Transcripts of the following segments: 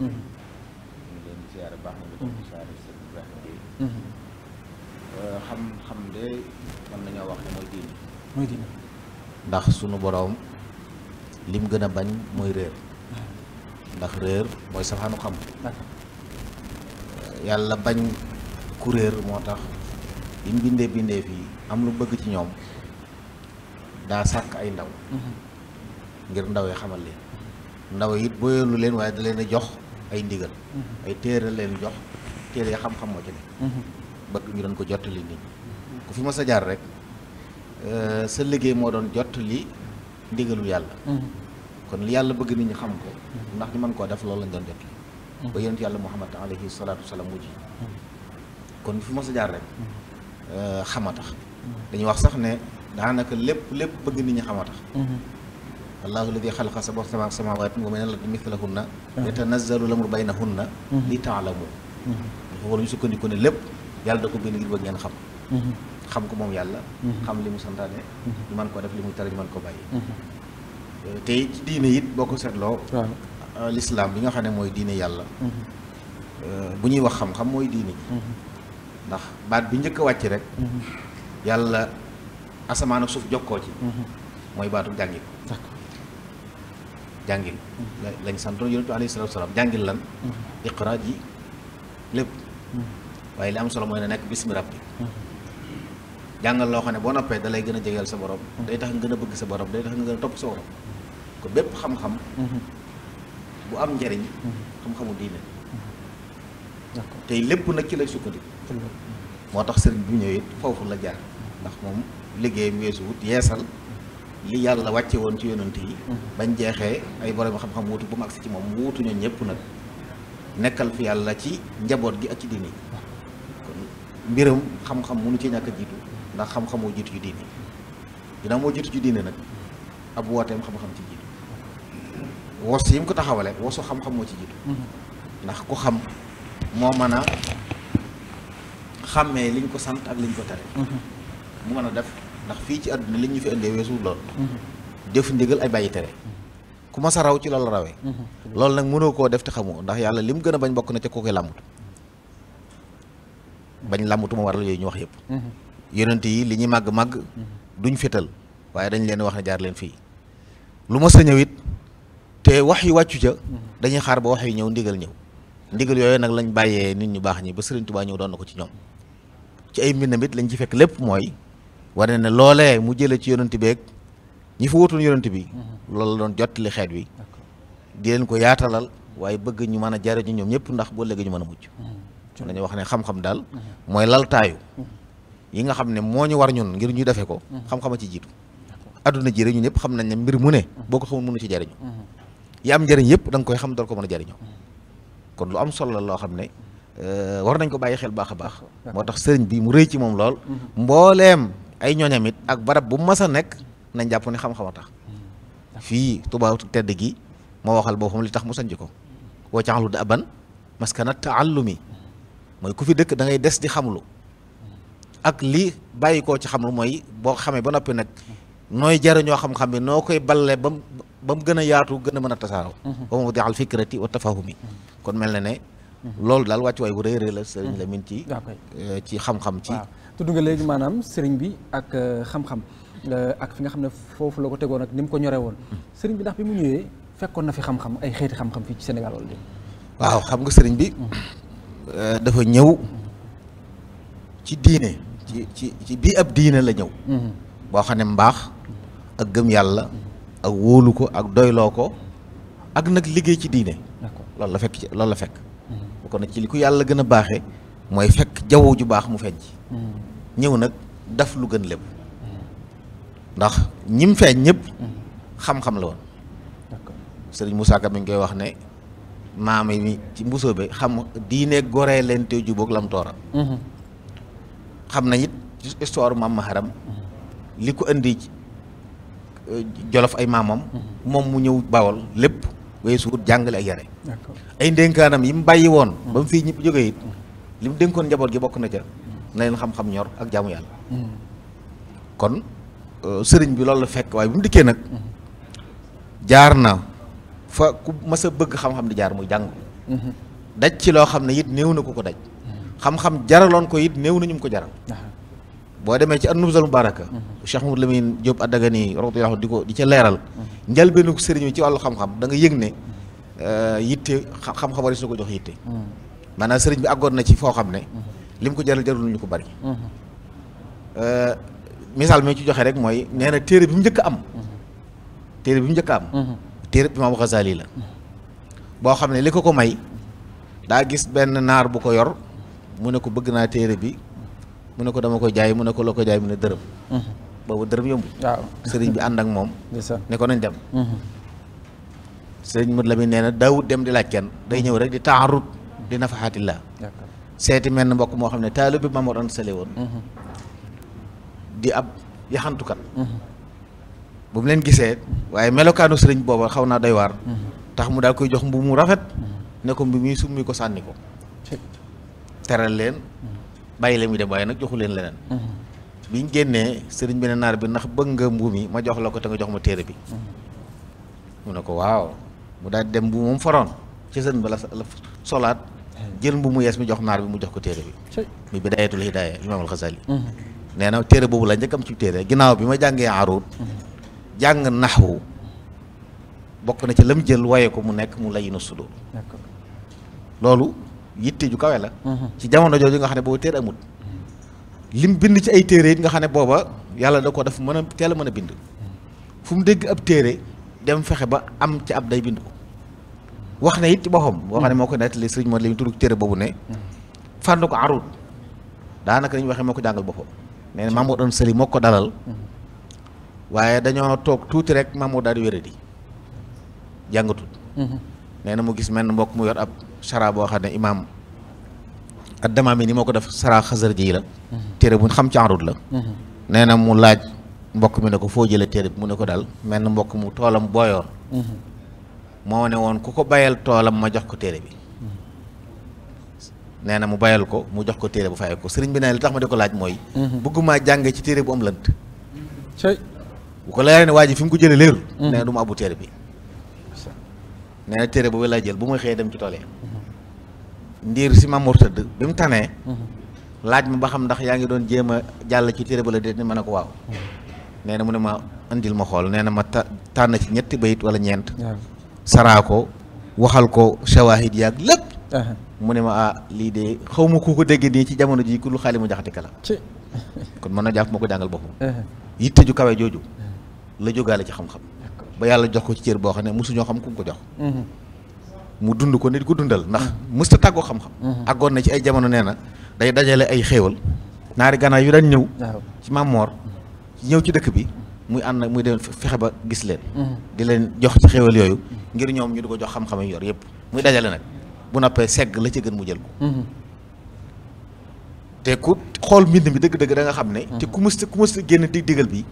baax na mm-hmm. bi mm-hmm. euh, xam-xam de nañoo wax ne mooy diine ndax sunu boroom lim gën a bañ mooy réer mm-hmm. ndax réer mooy safaanu xam yàlla bañ ku réer moo tax li bindee bindee fii am lu bëgg ci ñoom daa sàkk ay ndaw ngir ndaw yi xamal leen ndaw it booyeelu leen waaye da leen a jox ay ndigal mhm. ay téere leen jox téere ya xam-xam moo ci ne mhm. bëgg ñu doon ko jottali nit ñi ku fi ma sa jaar rek euh, sa liggéey moo doon jottali ndigalul yàlla mhm. kon yàlla bëgg nit ñi xam ko ndax ñu man koo def loolu lañ doon jottali ba yonent yàlla muhammad alayhi salaatu wasalaam mujj kon fi ma jaar rek euh, xama tax dañuy wax sax ne daanaka lépp lépp bëgg nit ñi xama tax allahu alladi xalaqa sab'a samaawaati wa minal ardi mithlahunna yatanazzalu l-amru baynahunna mhm. li taalamu dafa mhm. war ñu sukkandiku ne lépp yàlla da ko bind ngir bëgg ngeen xam mhm. xam ko moom yàlla xam li mu santaane ñu mën koo def li mu tere ñu man ko bàyyi euh, tey ci diine it boo ko seetloo euh, lislaam bi nga xam ne mooy diine yàlla euh, bu ñuy wax xam-xam mooy diine ndax baat bi njëkk a wàcc rek yàlla asamaan ak suuf jokkoo ci mooy baatu jàngi ko jàngil lañ santoon yonent bi alayhi salaatu salaam jàngil lan mm-hmm. iqra ji lépp mm-hmm. waaye li am solo mooy na nekk bismi rabbi mm-hmm. jàngal loo xam ne boo noppee dalay gën a jegeel sa borom day tax nga gën a bëgg sa borom day tax nga gën a topp sa borom ko bépp xam-xam bu am njariñ xam-xamu diine tey lépp nag ci lay sukkandiku moo tax sëriñ bi ñëwee foofu la jaar ndax moom liggéeyam weesu wut yeesal li yàlla wàcce woon ci yonant yi bañ jeexee ay borom xam-xam wuutu ba mu agsi ci moom wuutu ñooñu ñëpp nag nekkal fi yàlla ci njaboot gi ak ci diine kon mbiram xam-xam mënu ci ñàkk a jiitu ndax xam-xam moo jiitu ci diine moo jiitu ci diine nag ab wooteem xam-xam ci jiitu wos yi ko taxawale wosu xam-xam ci jiitu ndax ku xam moo mën a xàmmee liñ ko sant ak liñ ko tere mu mën a def ndax fii ci àdduna lañu ñu fi indee weesu lool. def mhm. ndigal ay bàyyi tere. Mhm. ku ma sa raw ci loolu rawee. Mhm. loolu nag mënoo koo def te xamu ndax yàlla lim gën a bañ bokk na ca koo koy làmbut. bañ làmbutu ma waral yooyu ñu wax yëpp. yonent yi li ñuy màgg màgg. duñ fetal waaye dañ leen wax ne jaar leen fii. lu ma sa ñëw te wax yu wàccu ca. dañuy xaar ba wax yu ñëw ndigal ñëw. ndigal yooyu nag lañ bàyyee nit ñu baax ñi ba Sëriñ Tuubaa ñëw doon na ko ci ñoom. ci ay mbindam lañ ci fekk lépp mooy. wane ne loolee mu jëlee ci yonent beeg ñi fa wutoon yonent bi mhm. loolu la doon jottali xeet wi di leen ko yaatalal waaye bëgg ñu mën a jariñu ñoom ñëpp ndax boo léegi ñu mën a mucc mën mhm. ñu wax ne xam-xam daal mhm. mooy laltaayu yi nga xam ne moo ñu war ñun ngir ñuy defee ko xam-xama ci jiitu adduna ji rek ñëpp xam nañ ne mbir mu ne boo ko xamul mënu ci jariñu yi am njëriñ yëpp da koy xam door ko mën a jariñoo kon lu am solo la loo xam ne euh, war nañ ko bàyyi xel baax a baax moo tax sëriñ bi mu rëy ci moom lool mbooleem ay ñooñam ak barab bu mas a nekk nañ jàpp ni xam-xam a tax hmm, fii Tuubaa tedd gi moo waxal boo boppam li tax mu sanc ko woo caxlu da aban maskana taallumi mooy ku fi dëkk da ngay des di xamlu hmm. ak li bàyyi koo ci xamlu mooy boo xamee ba noppi nag nooy jariñoo xam-xam bi noo koy balle ba mu mu gën a yaatu gën a mën a tasaaroo ba hmm. mu di al fikrati wa tafahumi kon mel na ne loolu daal wàccuwaay bu rëy rëy la sëriñ mhm. Lamine ci euh, ci xam-xam ci tudd nga léegi maanaam sëriñ bi ak euh, xam-xam euh, ak fi nga xam ne foofu la ko tegoon ak ni mu ko ñore woon mhm. sëriñ bi ndax bi mu ñëwee fekkoon na fi xam-xam ay xeeti xam fii ci Sénégal wala sëriñ bi mhm. dafa ñëw ci diine ci ci ci bii ab diine la ñëw xam ne mbaax ak gëm yàlla ak ko ak doyloo ko ak nag liggéey ci diine loolu la fekk ci loolu la fekk kon nag ci li ko yàlla gën a baaxe mooy fekk jaww ju baax mu feeñ ci mm. ñëw nag daf lu gën lépp ndax ñim feeñ ñëpp xam-xam la woon sëriñ Moussa Ka mi koy wax ne maam yi ci mbusoo bi xam diine goree leen te jubóog lam toora mm-hmm. xam na it histoire maam maharam mm-hmm. li ko indi euh, jolof ay maamam mm-hmm. moom mu ñëw bawol lépp weesuwut jàngale ak yare ay ndénkaanam yi mu bàyyi woon ba mu fii ñëpp jógee it li mu dénkoon njaboot gi bokk na ca na leen xam-xam ñor ak jaamu yàlla mm-hmm. kon euh, sëriñ bi loolu la fekk waaye bi mu dikkee nag jaar na fa ku mas bëgg xam-xam di jaar muy jàng mm-hmm. daj ci loo xam ne it néew na ku ko daj mm-hmm. xam-xam jaraloon ko it néew na ñu mu ko jaral boo demee ci an-Nubzatul Mubaaraka mhm. Cheikh Mamadou Lamine Diop Adagani radiyallahu di ko di ca leeral mhm. njëlbeenu sëriñ bi ci wàllu xam-xam da nga yëg ne mhm. euh, yitte xam-xam war su ko jox yitte maanaam sëriñ bi àggoon na ci foo xam ne li mu ko jaral jarul ñu ko bari euh, misaal mi ci joxe rek mooy nee na téere bi mu njëkk am téere bi mu njëkk am téere bi Imaam Xasaali la boo xam ne li ko ko may daa gis benn naar bu ko yor mu ne ko bëgg naa téere bi mu ne ko dama koy jaay mu ne ko loo koy jaay mu ne dërëm mhm. boobu dërëm yombul sëriñ bi ànd ak moom ne ko nañ dem mhm. sëriñ Modou Lamine nee na daawut dem di laaj kenn day ñëw rek di taarut di nafaxaatillah seeti mel ne mbokk moo xam ne taalu bi Mamoor Anta Sali woon mhm. di ab yaxantukat bu mu leen gisee waaye melokaanu sëriñ booba xaw naa doy waar tax mu daal koy jox mbubb mu rafet ne ko mbi summi ko sànni ko teral leen bàyyi la muy dem waaye nag joxu leen leneen mm-hmm. biñ génnee sëriñ bi ne naar bi ndax bëgg nga mbu mi ma jox la ko te nga jox ma téere bi mm-hmm. mu ne ko waaw mu daal dem bu moom foroon ci sën ba solaat mm-hmm. jël mbu mu mi jox naar bi mu jox ko téere bi mi bidaayatul hidaaya imaamul na téere boobu la njëkkam ci téere ginnaaw bi ma jàngee aruut jàng na ci lam jël waye ko mu nekk mu lay na sudo loolu yitte ju kawe la. Mhm. ci jamono jooju nga xam ne boobu téere amut. lim bind ci ay téere it nga xam ne booba yàlla da ko def mën a teel a mën a bind. fu mu dégg ab téere dem fexe ba am ci ab day bind ko. wax na it ci boppam. boo xam ne moo ko nettali sëriñ Mor Lim tudd téere boobu ne. fànn ko arut daanaka li ñu waxee moo ko jàngal boppam. nee na Mamour Anta Sali moo ko dalal. waaye dañoo toog tuuti rek Mamour daal di wéradi jàngatul. Mhm. nee na mu gis menn mbokk mu yor ab chara boo ne imaam ak damaam yi ni moo ko def sara xasar ji la mhm. téere bu xam ci la mhm. nee na mu laaj mbokk mi ne ko foo jëlee téere bi mu ne ko daal menn mbokk mu toolam booyoor mhm. moo ne woon ku ko bayal toolam ma jox ko téere bi nee na mu bayal ko mu jox ko téere bu fayee ko sëriñ bi ne li tax ma di ko laaj mooy bëggumaa jàngee ci téere bu am lënt bu ko leeree ne waa ji fi mu ko jëlee léeru nee nee na téere boobu laa jël bu muy xëyee dem ci tool yi ndiir si Mamour tëdd bi mu tanee laaj ma ba xam ndax yaa ngi doon jéem a jàll ci téere ba la déet ni ma ne ko waaw nee na mu ne ma indil ma xool nee na ma ta tànn ci ñetti bayit wala ñeent saraa ko waxal ko shawahid yaag lépp uh-huh. mu ne ma ah lii de xaw ma ku ko dégg nii ci jamono ji ku lu xaali mu jaxati kala kon mën na jàpp ma ko jàngal boppam uh-huh. yitte ju kawe jooju uh-huh. la jógaale ci xam-xam ba yàlla jox ko ci cër boo xam ne mosuñoo xam ku ko jox mu dund ko nit ko dundal ndax musta tàggoo xam-xam mhm. àggoon na ci ay jamono nee na day dajale ay xéewal naari ganaar yu daan ñëw ci Mamor ñëw ci dëkk bi muy ànd nag muy dem fexe ba gis leen mhm. di leen jox ci xéewal yooyu ngir ñoom ñu di ko jox xam-xam yu yor yëpp muy dajale nag bu noppee segg la ca gën mu jël ko mhm. te ku xool mbind mi dëgg-dëgg da xam ne te ku mës ku mës génn dig bi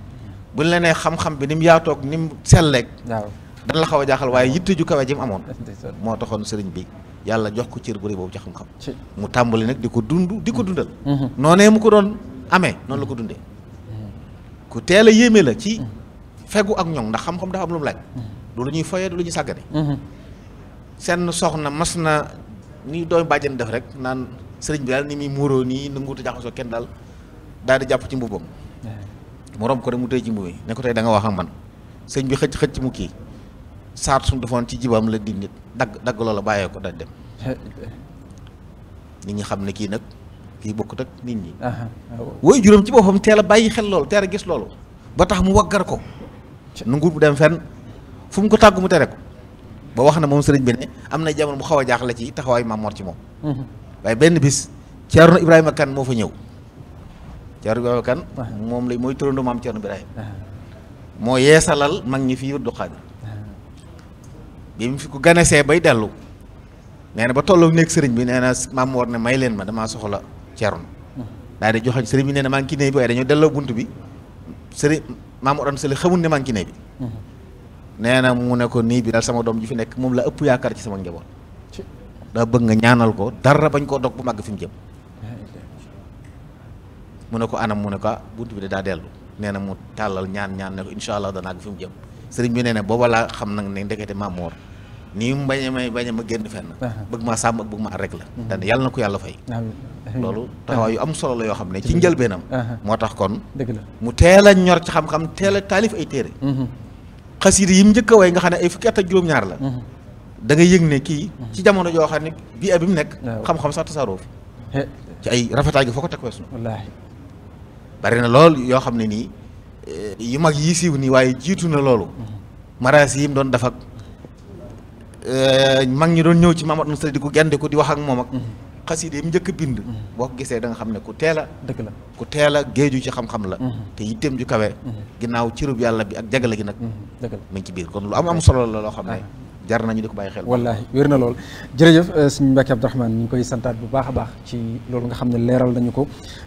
buñ la nee xam-xam bi ni mu yaatoog ni mu selleeg dana la xaw a jaaxal waaye yitte ju kawe ji mu amoon moo taxoon sëriñ bi yàlla jox ko cër bu rëy boobu ci xam-xam mu tàmbali nag di ko dund di ko mm-hmm. dundal mm-hmm. noonee mu ko doon amee noonu la ko dundee mm-hmm. ku teel a yéeme la ci fegu ak ñoom ndax xam-xam dafa am lu mu laaj du lu ñuy foyee du lu ñuy sàggane seen soxna mas na ni doomu bàjjen def rek naan sëriñ bi daal ni muy muuroo nii nanguutu jaxasoo kenn daal daal di jàpp ci mbubam mu romb ko rek mu tëj ci mbuuy ne ko tey da nga wax ak man sëñ bi xëcc xëcc mu kii saat suñu defoon ci jibaam la di nit dagg dagg loola bàyyee ko dañ dem nit ñi xam ne kii nag kii bokkut ak nit ñi woy juróom ci boppam teel a bàyyi xel loolu teel a gis loolu ba tax mu waggar ko nu nguur bu dem fenn fu mu ko tàgg mu tere ko ba wax na moom sëriñ bi ne am na jamono bu xaw a jaaxle ci taxawaayu Maam Mor ci moom mhm. waaye benn bis Ceerno Ibrahima Kan moo fa ñëw Thierno Baba Kane moom lay mooy turandoo maam Thierno Birahim moo yeesalal mag ñi fi wirdu xaadir bi mu fi ko ganesee bay dellu nee na ba tolloog nekk sëriñ bi nee na maam war ne may leen ma damaa soxla Thierno daal di joxañ sëriñ bi nee na maa ngi kinee bi waaye dañoo delloo bunt bi sëriñ maam oran sëli xamul ne maa ngi kinee bi nee mu ne ko nii bi daal sama doom ji fi nekk moom la ëpp yaakaar ci sama njaboot daa bëgg nga ñaanal ko dara bañ koo dog bu màgg fi mu jëm mu ne ko anam mu ne ko ah, bunt bi de daa dellu nee mu tàllal ñaan ñaan ne ko incha allah danaa fi mu jëm sëriñ bi nee na booba laa xam nag ne ndekete maam moor nii mu bañ a may bañ a ma génn fenn bëgg ma sàmm ak bëgg maa rek la dana na ko yàlla fay loolu taxawaay yu am solo yoo xam ne ci njëlbeenam moo tax kon mu teel a ñor ci xam-xam teel a taalif ay téere yi mu njëkk a nga xam ne ay fukki at ak juróom-ñaar la da nga yëg ne kii ci jamono joo xam ne bii bi mu nekk xam-xam sax tasaaroo fi ci ay rafetaay gi foo ko teg weesu bari na lool yoo xam ne nii eh, yu mag yi siiw nii waaye jiitu na loolu maraas yi mu doon def ak eh, mag ñi doon ñëw ci Mamadou Moussa di ko gende ko di wax ak moom ak xaside yi mu njëkk bind boo gisee da nga xam ne ku teel a dëgg la ku teel a géeju ci xam-xam la mhm. te yitteem ju kawe mhm. ginnaaw ci cirub yàlla bi ak jagale gi nag mu mhm. ngi ci biir kon lu am am solo la loo xam ne ah. jar nañu di ko bàyyi xel wallaahi wér na lool jërëjëf euh, sëñ Mbacke Abdourahmane ñu ngi koy santaat bu baax a baax ci loolu nga xam ne leeral nañu ko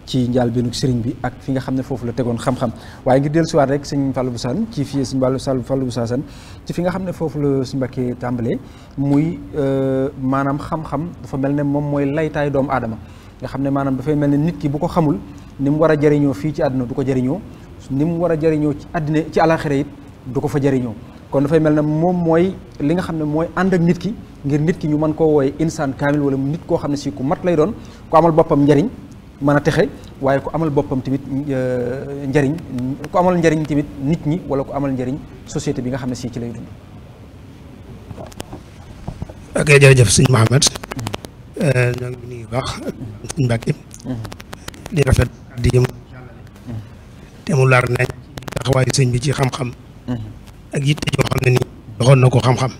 ci njaal benn sëriñ bi ak fi nga xam ne foofu la tegoon xam-xam waaye ngir dellu siwaat rek sëñ Fallou Boussane ci fii sëñ Fallou Fallou Boussane ci fi nga xam ne foofu la sëñ Mbacke tàmbalee muy euh, maanaam xam-xam dafa mel ne moom mooy laytaayu doomu aadama nga xam ne maanaam dafay mel ne nit ki bu ko xamul ni mu war a jariñoo fii ci àdduna du ko jariñoo ni mu war a jariñoo ci àddina ci alaxira it du ko fa jariñoo kon dafay mel ne moom mooy li nga xam ne mooy ànd ak nit ki ngir nit ki ñu mën koo wooye insaan kaamil wala nit koo xam ne si ku mat lay doon ko amal boppam njariñ mën a texe waaye ko amal boppam tamit euh, njariñ ku amal njariñ tamit nit ñi wala ko amal njariñ société bi nga xam ne si ci lay dund. ok sëñ Mouhamed. Euh, ñoo baax sëñ Mbacke. Mm-hmm. di rafet mm-hmm. mu laar nañ taxawaayu sëñ bi ci xam ak yitte yoo xam ne nii doxoon na ko xam-xam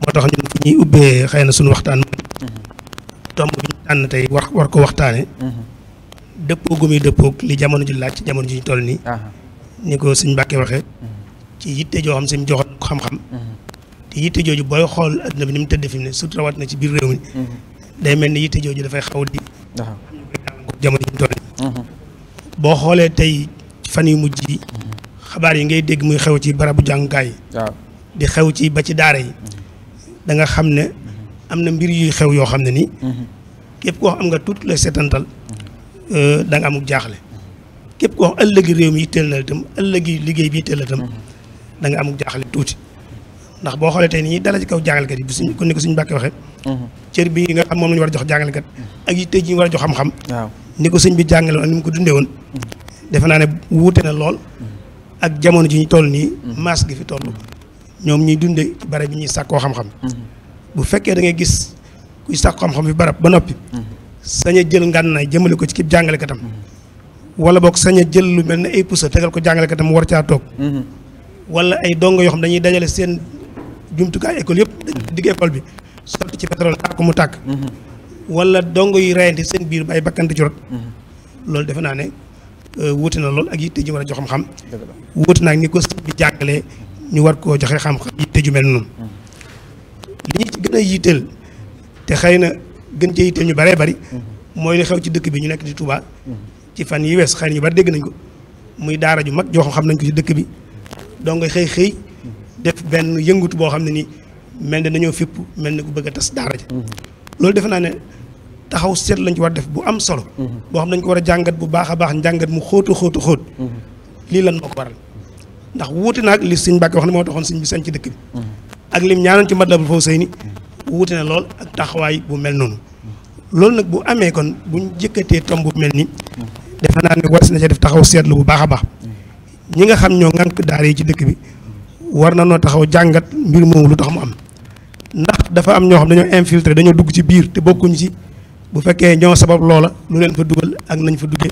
moo tax ñun fu ñuy ubbee xëy na suñu waxtaan tomb bi ñu tànn tey war war ko waxtaane dëppoo gum yi dëppoog li jamono ji laaj ci jamono ji ñu toll nii ni ko suñ Mbàkke waxee ci yitte joo xam suñ joxoon ko xam-xam te yitte jooju booy xool adduna bi ni mu tëdd fi ne surtout rawat na ci biir réew mi day mel ni yitte jooju dafay xaw di jamono ji ñu toll nii boo xoolee tey fan yu mujj yi xabaar yi ngay dégg muy xew ci barabu jàngukaay yi. di xew ci ba ci daara yi. da xam ne am na mbir yuy xew yoo xam ne nii. ko am nga tuuti la setantal euh, da nga jaaxle. képp koo xam ëllëgi réew mi yitteel na la itam ëllëgi liggéey bi yitteel na itam da nga tuuti. ndax boo xoolee ni ñuy ci kaw jàngalekat yi bu suñ kon suñu bàkkee waxee cër bi nga xam moom la ñu war a jox jàngalekat ak ji ñu a jox xam ni ko sëñ bi jàngale ni mu ko dundee woon defe naa ne wuute na lool ak jamono ji ñu toll nii. Mhm. masse gi fi toll. ñoom ñuy dundee ci barab bi ñuy sàkkoo xam-xam. Mhm. bu fekkee da ngay gis kuy sàkkoo xam-xam fi barab ba noppi. Mhm. sañ a jël ngànnaay jëmale ko ci kib jàngalekatam. wala boog sañ a lu mel ne ay pusa tegal ko jàngalekatam war caa toog. wala ay dongo yoo xam dañuy dajale seen jumtukaay école yëpp. digg école bi sotti ci pétrole tàkk mu tàkk. wala dongo yu rayante seen biir ba ay bakkante ci loolu defe naa ne. Euh, wuute na lool ak yitte ju war a jox xam-xam wuute na ni ko sëñ bi ñu war koo joxe xam-xam yitte ju mel noonu hmm. li ñu ci gën a yitteel te xëy na gën cee yitteel ñu baree bari hmm. mooy li xew ci dëkk bi ñu nekk di Touba hmm. ci fan yi wees xëy ñu bari dégg nañ ko muy daara ju mag joo xam nañ ko ci dëkk bi donc xëy xëy def benn yëngutu boo xam ne nii mel ne dañoo fépp mel ne ku bëgg a tas daara ja loolu defe naa ne taxaw seet lañ ci war def bu am solo. boo xam dañ ko war a jàngat bu baax a baax mu xóotu xóotu xóot. lii lan moo ko waral ndax wuute na ak li sëñ Mbàkke wax ne moo taxoon sëñ bi sañ ci dëkk bi. ak lim ñaanal ci Matlabul Fawzayni wuute na lool taxawaay bu mel noonu. loolu nag bu amee kon buñ jëkkatee tomb bu mel nii. defe naa ne war na ca def taxaw seetlu bu baax a baax. ñi nga xam ñoo ngànk daara yi ci dëkk bi war na noo taxaw jàngat mbir moomu lu tax mu am. ndax dafa am ñoo xam dañoo infiltré dañoo dugg ci biir te bokkuñu ci bu fekkee ñoo sabab loola lu leen fa dugal ak nañ fa duggee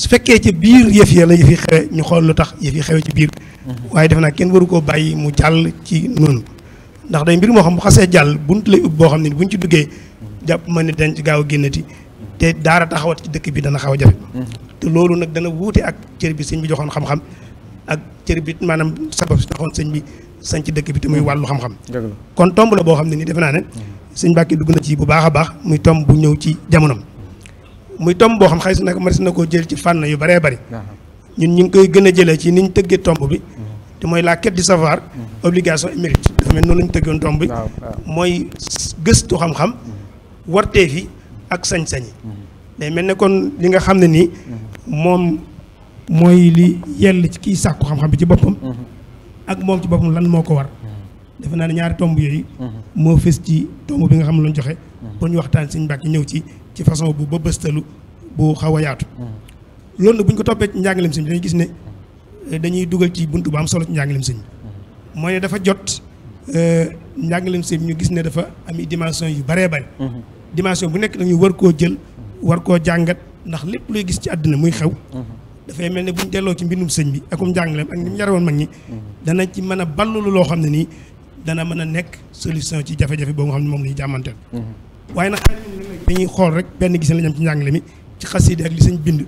su fekkee ci biir yëf ya la yëf yi xewe ñu xool lu tax yëf yi xewe ci biir mm-hmm. waaye def naa kenn waru koo bàyyi mu jàll ci noonu ndax day mbir moo xam bu xasee jàll bunt lay ub boo xam ne buñ ci duggee mm-hmm. jàpp ma ne dañ ci gaaw a génnati te daara taxawat ci dëkk bi dana xaw a jafe mm-hmm. te loolu nag dana wuute ak cër bi sëñ bi joxoon xam-xam ak cër bi maanaam sabab si taxoon sëñ bi sañ ci dëkk bi te muy wàllu xam kon tomb la boo xam ne nii defe naa ne suñ Mbàkke dugg na ci bu baax a baax muy tom bu ñëw ci jamonom muy tom boo xam xëy na maris na koo jël ci fànn yu baree bari ñun ñu ngi koy gën a jëlee ci niñ tëggee tomb bi mhm. te mooy la quête du savoir mhm. obligation et mérite dafa mel noonu lañ tëggoon tomb bi mooy gëstu xam-xam mhm. ak sañ-sañi day mel ne kon li nga xam ne nii moom mooy li yell ci kiy sàkku xam-xam bi ci boppam ak moom ci boppam lan moo ko war defe naa ne ñaari tomb yooyu. moo fës ci tomb bi nga xam ne lañ joxe. pour ñu waxtaan Sëñ Mbàkke ñëw ci ci façon bu ba bëstalu bu xaw a yaatu. loolu nag bu ñu ko toppee ci njàngaleem sëñ dañuy gis ne eh, dañuy dugal ci buntu bu am solo ci njàngaleem mooy dafa jot eh, njàngaleem sëñ ñu gis ne dafa am dimension yu baree bari. dimension bu nekk dañuy war koo jël war koo jàngat ndax lépp luy gis ci àddina muy xew. dafay mel ne bu ñu delloo ci mbindum sëñ bi akum njàngaleem ak ni mu yare woon mag ñi. danañ ci mën a ballu loo xam ne nii dana mën a nekk solution ci jafe-jafe boobu nga xam ne moom la ñuy jàmmanteel. Mhm. waaye nag dañuy xool rek benn la ci njàngale mi ci xasida ak li sañ bind.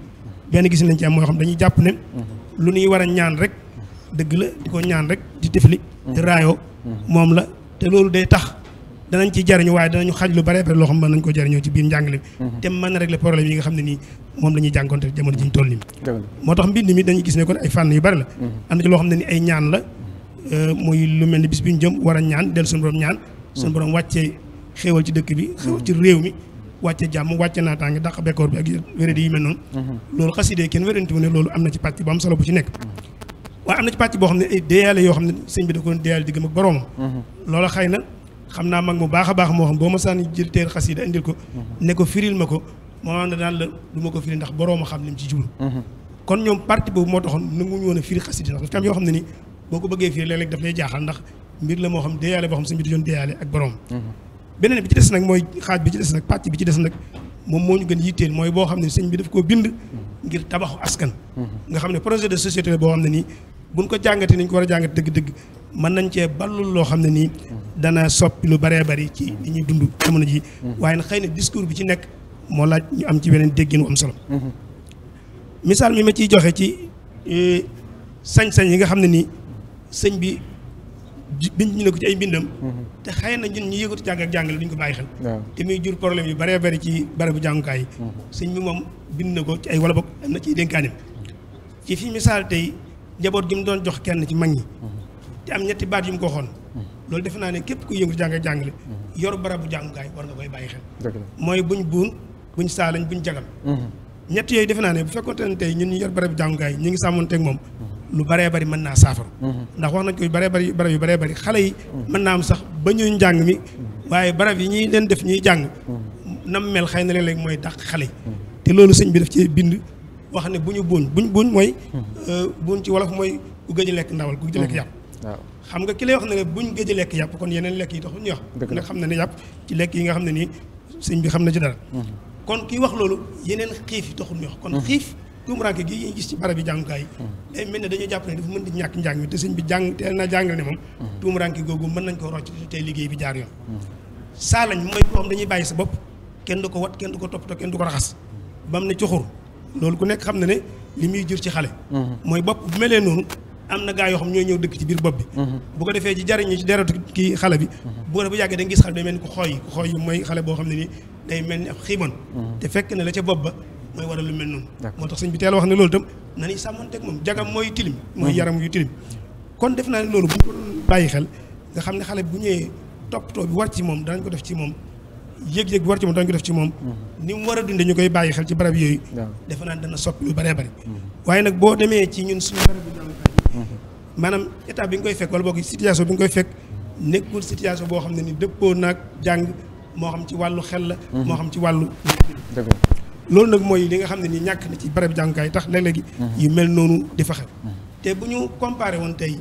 benn gis nañ ci xam ne. Mhm. lu ñuy war a ñaan rek dëgg la di ko ñaan rek di tifli mhm. di raayoo moom la te loolu day tax danañ ci jariñu waaye danañu xaj lu bare loo xam mën nañ ko jariñoo ci biir njàngale bi te mën na régler problème yi nga ne nii moom la ñuy jànkonte jamono ji ñu toll nii moo tax mbind mi dañuy gis ne kon ay fànn yu bari la am na ci loo xam ne ni ay ñaan la Euh, muy lu mel ni bis bi ñu jëm war a ñaan dellu suñu borom ñaan. suñu mm. borom wàccee xéewal ci dëkk bi. xéewal ci réew mi wàcce jàmm wàcce naataange dàq bekkoor bi ak wéradi yi mel noonu. Mm-hmm. loolu xaside kenn wéranti mu ne loolu am na ci pàcc bu am solo bu ci nekk. Mm-hmm. waaye boo xam ne déyaale yoo xam ne sëñ bi da ko doon déyaale diggam ak boroomam. Mm-hmm. loola xëy na xam naa mag mu baax a baax moo xam boo ma sànni jël teer xasida indil ko. ne ko firil ma ko moo am na daan la du ko firi ndax a xam lim moo taxoon boo ko bëggee firi léeg-léeg daf lay jaaxal ndax mbir la moo xam déyaale boo xam suñu bi di doon déyaale ak borom. Mhm. beneen bi ci des nag mooy xaaj bi ci des nag pàcc bi ci des nag moom moo ñu gën yitteel mooy boo xam ne sëñ bi daf koo bind ngir tabaxu askan mhm. nga xam ne projet de société la boo xam ne nii ko jàngatee nañ ko war a jàngat dëgg-dëgg mën nañ cee ballul loo xam ne nii mhm. dana soppi lu baree bari ci li ñuy dund jamono ji waaye nag xëy na discours bi ci nekk moo laaj ñu am ci beneen déggin wu am solo misaal mi ma ciy joxe ci eh, sañ-sañ yi nga xam ne nii sëñ bi bu ñu ne ko ci ay mbindam mhm. te xëy na ñun ñu yëgatu jàng ak jàngale duñ ko bàyyi xel te muy jur problème yu bëree bëri ci barabu jàngukaay yi mhm. sëñ bi moom bind na ko ci ay wala bokk am na ciy dénkaanim ci fi misaal tey njaboot gi mu doon jox kenn ci mag ñi mhm. te am ñetti baat yu mu ko waxoon loolu defe naa ne képp ku yëngu jàng ak jàngale yor barabu jàngukaay war nga koy bàyyi xel mooy buñ buun buñ saalañ buñ jagal ñett yooyu defe naa ne bu fekkoonte tey ñun ñu yor barabu jàngukaay ñu ngi sàmmoon teg moom lu baree bari mën naa saafaru mhm. ndax wax nañ ko baree bari barab yu baree bari xale yi man mhm. naa am sax ba ñu njàng mi mhm. waaye barab yi ñuy leen def ñuy jàng nam mel xëy na léeg-léeg mooy dàq xale yi te loolu sëñ bi daf ci bind wax ne bu ñu buuñ ñu buuñ mooy euh, buuñ ci wolof mooy ku gëj a lekk ndawal ku gëj lekk yàpp xam nga ki lay wax na ne buñ gëj a lekk yàpp kon yeneen lekk yi tax ñu wax nga xam ne ne yàpp ci lekk yi nga xam ne nii sëñ bi xam na ci dara kon kii wax loolu yeneen xiif yi taxul ñu wax kon xiif tumuraanke gi ñuy gis ci barab yi jàngukaay day mel ne dañoo jàpp ne dafa mën di ñàkk njàng mi te sëñ bi jàng teel na jàngal ne moom tumuraanke googu mën nañ ko rocc te liggéey bi jaar yoon saalañ mooy ko xam ne cuxur li muy jur ci xale mooy bopp bu melee noonu am na gaa yoo xam ñooy ñëw dëkk ci biir bopp bi bu ko defee ci jariñu ci deretu kii xale bi bu bu yàggee da nga gis xale boo xam ne ni day mel ni xiibon mm-hmm. te fekk na la ca bopp ba mooy war a lu mel noonu moo tax sëñ bi teel wax ne loolu itam nañuy sàmmanteeg moom jagam mooy tilim mhm. mooy yaram yu tilim kon def naa ne loolu bu ñu ko doon bàyyi xel nga xam ne xale bu ñëwee toppatoo bi war ci moom danañ ko def ci moom yëg-yëg bi war ci moom def ci moom mhm. ni mu war a dundee ñu koy bàyyi xel ci barab yooyu defe naa dana soppi lu bëree bëri mhm. waaye nag boo demee ci ñun suñu barab bi maanaam état bi nga koy fekk wala boog situation bi nga koy fekk nekkul situation boo xam ne ni dëppoo nag jàng moo xam ci wàllu xel la moo xam ci wàllu loolu nag mooy li nga xam ne ni ñàkk na ci barab jàngukaay tax léeg-léegi mhm. yu mel noonu di fa xew mhm. te bu ñu comparé woon tey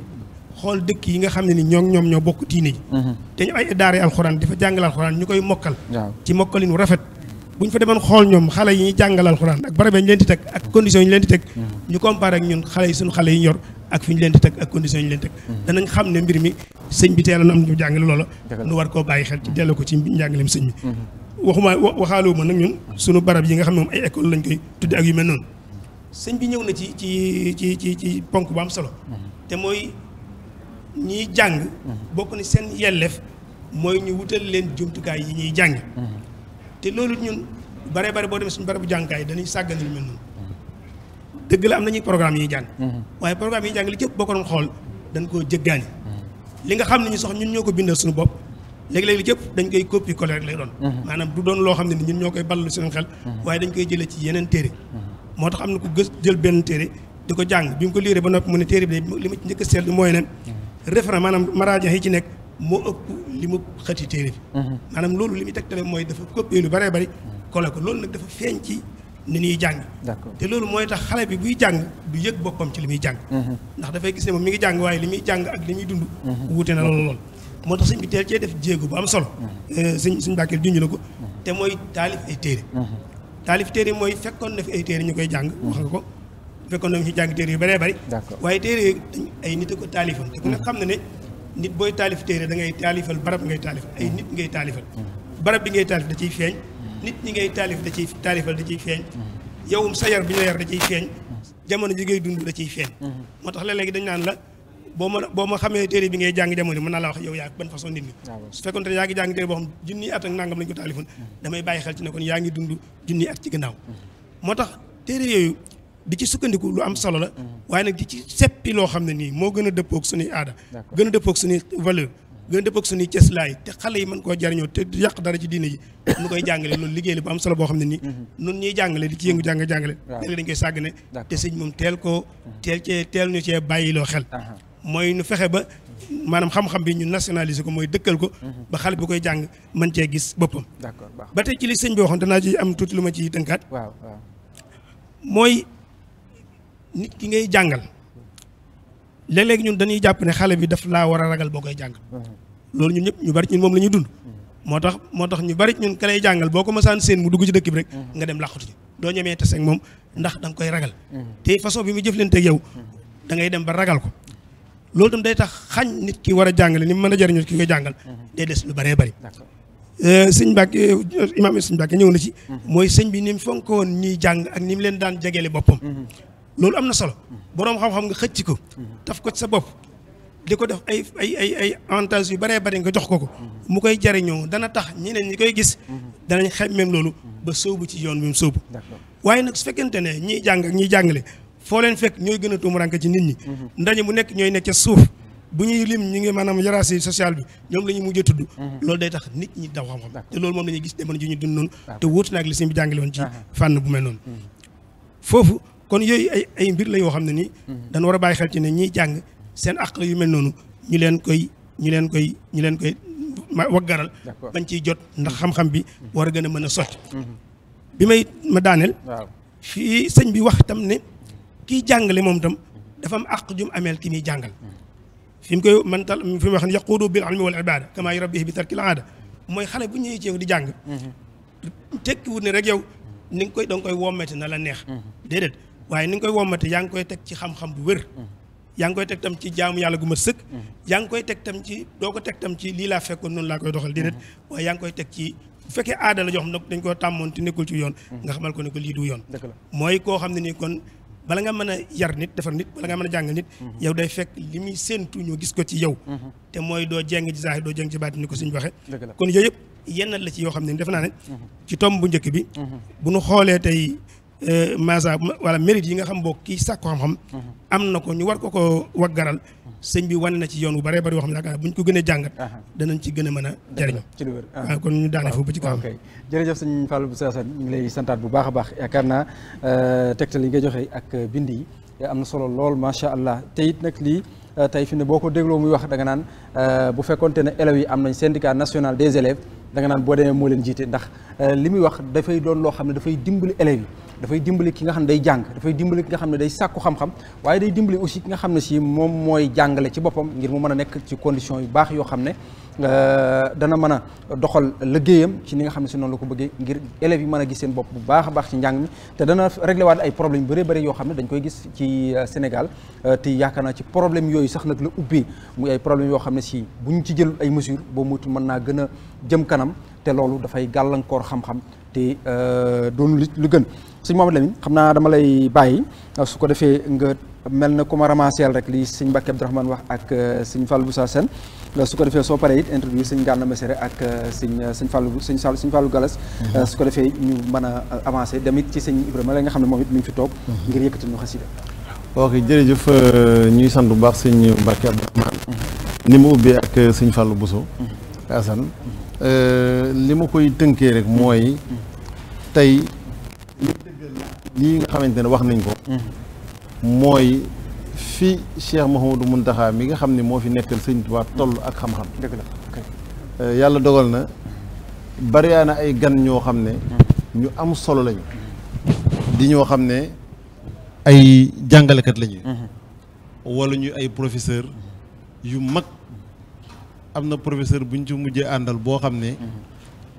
xool dëkk yi nga xam ne ni ñoo ñoom ñoo bokk diine yi mhm. te ñu ay daara alxuraan dafa jàngal alxuraan ñu koy mokkal ci mokkalin wu rafet bu ñu fa xool ñoom xale yi ñuy jàngal alxuraan ak barab yi leen di teg ak condition yi teg ñu comparé ak ñun xale yi suñu xale yi ñor ak fi ñu leen di teg ak condition yi ñu leen di teg danañ xam ne mbir mi sëñ bi teela na am ñu jàngale loola nu war koo bàyyi xel ci delloo ko ci njàngaleem sëñ bi waxuma waxaaloo ma nag ñun sunu barab yi nga xam ne moom ay école lañ koy tudde ak yu mel noonu sëñ bi ñëw na ci ci ci ci ci ponk bu am solo mhm. te mooy ñiy jàng mhm. bokk na seen yelleef mooy ñu wutal leen jumtukaay yi ñuy jàng mhm. te loolu ñun bare bare boo demee suñu barabu jàngukaay dañuy sàggane lu mel noonu dëgg la am nañuy programme yi jàng waaye programme yi jàng li jëpp boo xool dañ koo jëggaani li nga xam ne ñu sax ñun ñoo ko bindal suñu bopp léegi-léegi li yëpp dañ koy koppi coller rek lay doon mhm. maanaam du doon loo xam ne ni ñun ñoo koy ballalu seen xel mhm. waaye dañ koy jëlee ci yeneen téere mhm. moo tax am na ku gës jël benn téere di ko jàng bi mu ko liiree ba noppi mu ne téere bi li ma ci njëkk a seetlu mooy ne référent yi ci nekk moo ëpp li mu xëti téere bi maanaam loolu li muy tegtale mooy dafa copier lu bëree bari coller ko loolu nag dafa feeñ ci ni ñuy jàng te loolu mooy tax xale bi buy jàng bu yëg boppam ci li muy jàng ndax dafay gis ne moom mi ngi jàng waaye li muy jàng ak li muy dund wute na loolu lool moo tax sëñ bi teel cee def jéego bu am solo. Mm-hmm. Eh, sëñ sëñ Mbàkke junj na ko. Mm-hmm. te mooy taalif ay téere. Mm-hmm. taalif téere mooy fekkoon na fi ay téere ñu koy jàng. wax ko fekkoon na fi ñu jàng téere yu bëree bëri. waaye téere ay nit ko taalifal. te ku nekk xam na ne nit booy taalif téere da ngay taalifal barab ngay taalifal ay nit ngay taalifal. barab bi ngay taalif da ciy feeñ. nit ñi ngay taalif da ciy taalifal da ciy feeñ. yowum sa yar bi ñu yar da ciy feeñ. jamono ji ngay dund da ciy feeñ. moo tax léeg-léegi dañ naan la boo ma boo ma xamee téere bi ngay jàng jamono mën naa la wax yow yaa ban façon nit ñi ah, su fekkoon te yaa ngi jàng téere ko taalifoon mm-hmm. damay bàyyi xel ci ne at ci mm-hmm. moo tax téere yooyu di ci sukkandiku lu am solo la mm-hmm. waaye nag di ci seppi loo xam ne nii moo gën a dëppoog suñuy aada gën a dëppoog suñuy valeur gën a dëppoog suñuy cëslaay te xale yi mën koo jariñoo te yàq dara ci diine yi ñu koy jàngale loolu liggéey bu am solo boo xam ne nii nun ñuy jàngale di ci yëngu jàng jàngale léegi dañ koy sàgg ne te sëñ moom teel koo teel cee teel ñu cee bàyyiloo xel uh-huh. mooy nu fexe ba maanaam xam-xam bi ñu nationaliser ko mooy dëkkal ko ba xale bi koy jàng man cee gis boppam d'accord ba te ci li sëñ bi waxoon danaa ci am tuuti lu ma ciy dënkaat waaw waaw mooy nit ki ngay jàngal léeg-léeg ñun dañuy jàpp ne xale bi daf laa war a ragal boo koy jàngal mhm. loolu ñun ñëpp ñu bari ñun moom la ñuy dund mhm. moo tax moo tax ñu bari ñun ka lay jàngal boo ko masaan seen mu dugg ci dëkk bi rek mhm. nga dem làqatu ci doo ñemee tase ak moom ndax da nga koy ragal te façon bi mu jëflante ak yow da ngay dem ba ragal ko loolu itam day tax xañ nit ki war a jàngale ni mën a jëriñoo ki koy jàngal mm-hmm. day des lu bëree bëri euh, sëñ Mbàkke euh, imaam sëñ Mbàkke ñëw na ci mm-hmm. mooy sëñ bi ni mu fonk woon ñuy jàng ak ni mu leen daan jegele boppam mm-hmm. loolu am na solo boroom xam-xam nga xëcc ko taf ko ci sa bopp di ko def ay ay ay ay yu bëree bëri nga jox ko ko mu koy jariñoo dana tax ñeneen ñi koy gis danañ xemmeem loolu ba sóobu ci yoon bi mu sóobu waaye nag su fekkente ne ñiy jàng ak ñiy jàngale foo leen fekk ñooy gën a tuumuranke ci nit ñi mhm. ndaje mu nekk ñooy nekk ca suuf bu ñuy lim ñu ngi maanaam hiérarchie sociale bi ñoom la ñuy mujjee tudd mhm. lool day tax nit ñi daw xam-xam te loolu moom la ñuy gis demoon ji ñu dund noonu te wóotu naag li sëñ bi jàngale fànn bu mel noonu mhm. foofu kon yooyu ay ay mbir la yoo xam ne nii dañu war a bàyyi ci ne ñiy jàng seen àq yu mel noonu ñu leen koy ñu leen koy ñu leen koy waggaral bañ ciy jot ndax xam bi war a gën a mën a sotti bi may ma daaneel sëñ bi wax tam ne kiy jàngale moom itam dafa am àq jum ameel ki muy jàngal fi mu koy man tal fi mu wax ne yaquudu bil ilmi wal ibada kama yurabbihi bi tarkil aada mooy xale bu ñëwee ci yow di jàng tekkiwut ne rek yow ni nga koy da nga koy wommate na la neex déedéet waaye ni nga koy wommate yaa ngi koy teg ci xam-xam bu wér yaa ngi koy teg tam ci jaamu yàlla gu ma sëkk yaa ngi koy teg tam ci doo ko teg tam ci lii laa fekkoon noonu laa koy doxal déedéet waaye yaa ngi koy teg ci bu fekkee aada la jox nag dañ ko tàmmoon te nekkul ci yoon nga xamal ko ne ko lii du yoon mooy koo xam ne nii kon bala nga mën a yar nit defar nit bala nga mën a jàngal nit mhm. yow day fekk li muy séentu ñu gis ko ci yow mhm. te mooy doo jeng ci saaxi doo jeng ci baat ni ko suñu waxee kon yooyu yëpp yenn la ci yoo xam ne defe naa ne mhm. ci tomb bu njëkk bi bu nu xoolee tey euh, masa wala mérite yi nga xam boo kii sàkku xam-xam am na ko ñu war ko ko waggaral sëñ bi wane na ci yoon bu bare bari yoo xam ne yaakaar bu ñu ko gën a jàngat danañ ci gën a mën a jëriñu ci lu wér waaw kon ñu daane foofu ci kaw jërëjëf sëñ Fallou Bousso Assane ñu ngi lay santaat bu baax a baax yaakaar naa euh, tegtal yi nga joxe ak bind yi euh, am na solo lool macha allah te nag lii euh, tey fi ne boo ko dégloo muy wax da nga naan bu fekkonte ne élèves yi am nañ syndicat national des élèves danga nga naan boo demee moo leen jiite ndax li muy wax dafay doon loo xam ne dafay dimbali élèves yi dafay dimbali ki nga xam ne day jàng dafay dimbali ki nga xam ne day sàkku xam-xam waaye day dimbali aussi ki nga xam ne si moom mooy jàngale ci boppam ngir mu mën a nekk ci condition yu baax yoo xam ne euh, dana mën a doxal liggéeyam ci ni nga xam ne si noonu la ko bëggee ngir élèves yi mën a gis seen bopp bu baax a baax ci njàng mi te dana réglé waat ay problème bëree bëri yoo xam ne dañ koy gis ci euh, Sénégal euh, te yaakaar naa ci problème yooyu sax nag la ubbee muy ay problème yoo xam ne sii bu ñu ci jël ay mesures boo moytu mën naa gën a jëm kanam te loolu dafay gàllankoor xam te euh, doonu lu gën sëñ Mouhamed Lamine xam naa dama lay bàyyi euh, su ko defee nga mel na ku ma ramasseel rek li sëñ Mbacke Abdourahmane wax ak euh, sëñ Fallou Boussa Sène su ko defee soo paree it introduire sëñ Gana Messere ak sëñ sëñ Fallou sëñ Sall sëñ mhm. su ko defee ñu mën a avancer ci sëñ Ibrahima la nga xam ne mi fi toog mhm. ngir yëkkati ñu xasida ok jërëjëf ñuy sant bu baax sëñ Mbacke Abdourahmane mhm. ni mu ubbee ak sëñ Fallou Bousso li ma koy tënkee rek mooy tey li lii nga xamante ne wax nañ ko mm-hmm. mooy fi Cheikh Mouhamadou Mountakha mi nga xam ne moo fi nekkal sëñ Tuubaa mm-hmm. toll ak xam-xam euh, yàlla dogal na bariyaa na ay gan ñoo xam ne mm-hmm. ñu am solo lañu di ñoo xam ne ay jàngalekat lañuy wala ñu ay professeur yu mag am na professeur bu ñu ci mujjee àndal boo xam ne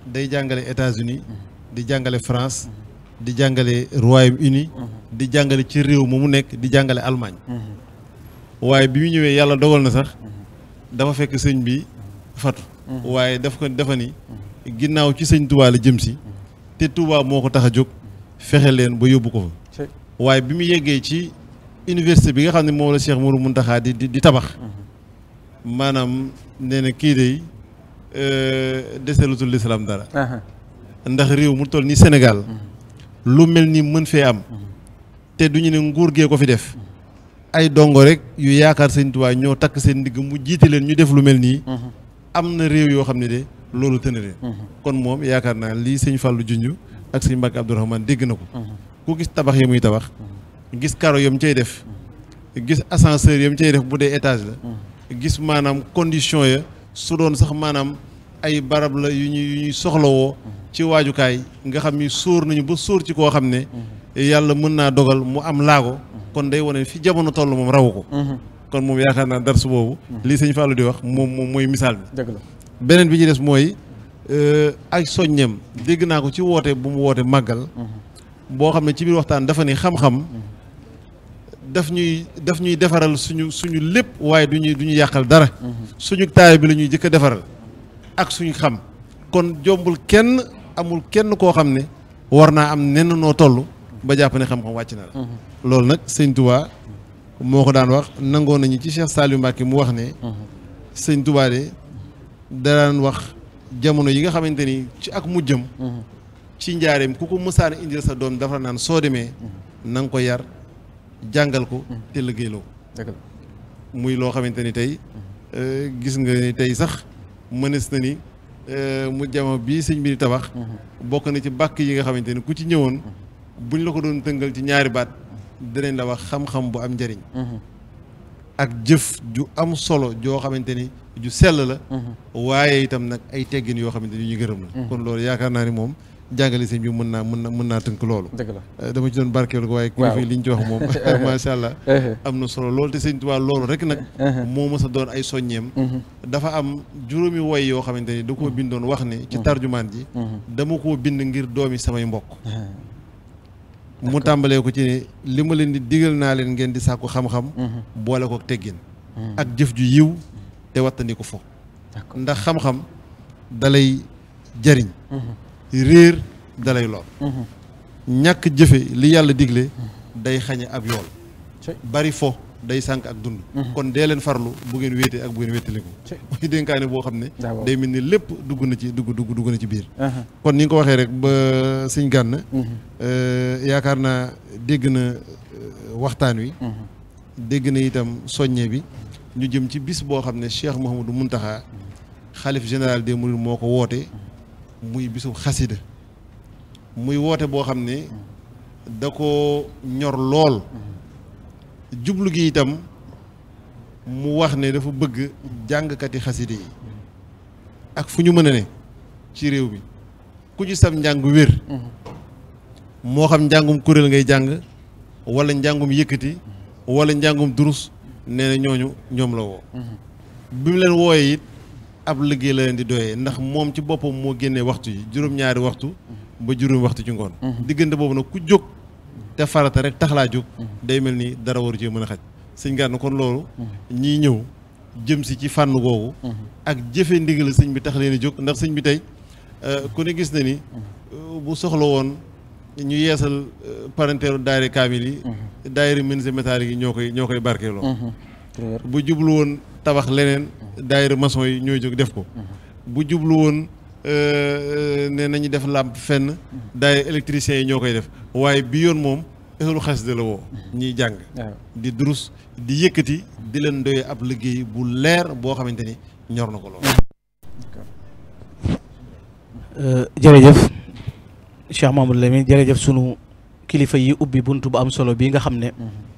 day jàngale États-Unis di jàngale France di jàngale Royaume-Uni mhm. di jàngale ci réew mu mu nekk di jàngale Allemagne mhm. waaye bi mu ñëwee yàlla dogal na sax mhm. dafa fekk sëñ bi fatu waaye daf ko dafa ni ginnaaw ci sëñ Touba la jëm si te Touba moo ko tax a jóg fexe leen ba yóbbu ko fa waaye bi mu yeggee ci université bi nga xam ne moom la Cheikh Mourou Mountakha di di tabax maanaam nee na kii de euh, deseelutul lislaam dara ndax réew mu toll ni Sénégal mm-hmm. lu mel ni mën fee am mm-hmm. te du ñu ne nguur gee ko fi def mm-hmm. ay dongo rek yu yaakaar sëñ Tuubaa ñoo takk seen ndigg mu jiite leen ñu def lu mel nii am na réew yoo xam ne de loolu tëna kon moom yaakaar naa lii sëñ Fallou junj ak sëñ Mbàkke Abdourahmane dégg na ko ku gis tabax yi muy tabax gis karo yam cay def gis ascenseur yam cay def bu dee étage la gis maanaam condition ya su doon sax maanaam ay barab la yu ñuy soxlawoo ci waajukaay nga xam ni sóor nañu ba sóor ci koo xam ne yàlla mën naa dogal mu am laago kon day wone fi jamono tollu moom raw ko kon moom yaakaar naa darsu boobu lii sëñ Fallou di wax moom moom mooy misaal beneen bi ci des mooy euh, ak soññeem dégg naa ko ci woote bu mu woote màggal boo xam ne ci biir waxtaan dafa ni xam-xam ñuy daf ñuy defaral suñu suñu lépp waaye du ñuy du yàqal dara suñu taay bi lañuy ñuy jëkk a defaral ak suñu xam kon jombul kenn amul kenn koo xam ne war naa am nenn noo toll ba jàpp ne xam-xam wàcc na la mhm. loolu nag sëñ moo ko daan wax nangoo nañu ci Cheikh Saliou Mbacke mu wax ne mhm. sëñ de daan wax jamono yi nga xamante ni ci ak mujjam mhm. ci njaareem ku ko mësaan indil sa doom dafa naan soo demee nanga ko yar jàngal ko te liggéeyloo muy loo xamante ni tey euh, gis nga ni tey sax mënees na ni euh, mu jama bii sëñ bi di tabax. bokk na ci bàkk yi nga xamante ni ku ci ñëwoon. bu ñu la ko doon tëngal ci ñaari baat dinañ la wax xam-xam bu am njëriñ. ak jëf ju am solo joo xamante ni ju sell la. Uhuh. waaye itam nag ay teggin yoo xamante ni ñu gërëm la. Uhuh. kon loolu yaakaar naa ni moom. jàngale sëñ bi mën naa mën na mën naa tënk loolu euh, dama ci doon barkeelu ko waaye kilifa yi li ñu ci wax moom macha allah am na solo loolu te sëñ Tuubaa loolu rek nag moo mës a doon ay soññeem dafa am juróomi woy yoo xamante ni da koo bindoon wax ne ci tarjumaan ji dama koo bind ngir doomi samay mbokk mu tàmbalee ko ci ne li ma leen di digal naa leen ngeen di sàkku xam-xam boole ko teggin ak jëf ju yiw te wattandi ko fo ndax xam-xam dalay jariñ réer dalay lor mhm. ñàkk jëfe li yàlla digle mhm. day xañe ab yool bari fo day sànq ak dund mhm. kon dee leen farlu bu ngeen wéetee ak bu ngeen wéetaliku muy dénkaane boo xam ne day mel ni lépp dugg na ci dugg dugg dugg na ci biir kon ni nga ko waxee rek ba sëñ gànn euh, yaakaar naa dégg na euh, waxtaan wi dégg na itam soññe bi ñu jëm ci bis boo xam ne Cheikh Mouhamadou Mountakha xalif général des Mourides moo ko wootee muy bisu xasida muy woote boo xam ne da ko ñor lool jublu gi itam mu wax ne dafa bëgg jàngkati xasida yi ak fu ñu mën a ne ci réew mi ku ci sam njàng wér moo xam njàngum kuréel ngay jàng walla njàngum yëkkati wala njàngum durus nee na ñooñu ñoom la woo mhm. bi mu leen wooyee it ab liggéey la leen di doyee ndax moom ci boppam moo génnee waxtu yi juróom-ñaari waxtu ba juróom waxtu ci ngoon mhm. diggante boobu nag ku jóg te farata rek tax laa jóg mhm. day mel ni dara waru cee mën a xaj sëñ Gana kon loolu mhm. ñi ñëw jëm si ci fànn googu ak jëfe ndigal sëñ bi tax leen di jóg ndax sëñ bi tey euh, ku ne gis na ni euh, bu soxla woon ñu yeesal euh, parenteeru daayira kaamil yi daayira menuisier métallique yi ñoo koy ñoo koy bu jublu woon tabax leneen daayira maçon yi ñooy jóg def ko bu jublu woon euh, euh, ne nañu def làmp fenn daay électriciens yi ñoo koy def waaye bi yoon moom ëxlu xasida la woo ñiy jàng di durus di yëkkati di leen doyee ab liggéey bu leer boo xamante ni ñor na ko lool euh, jërëjëf Cheikh Mamadou Lamine jërëjëf sunu kilifa yi ubbi bunt bu am solo bi nga xam ne mm-hmm.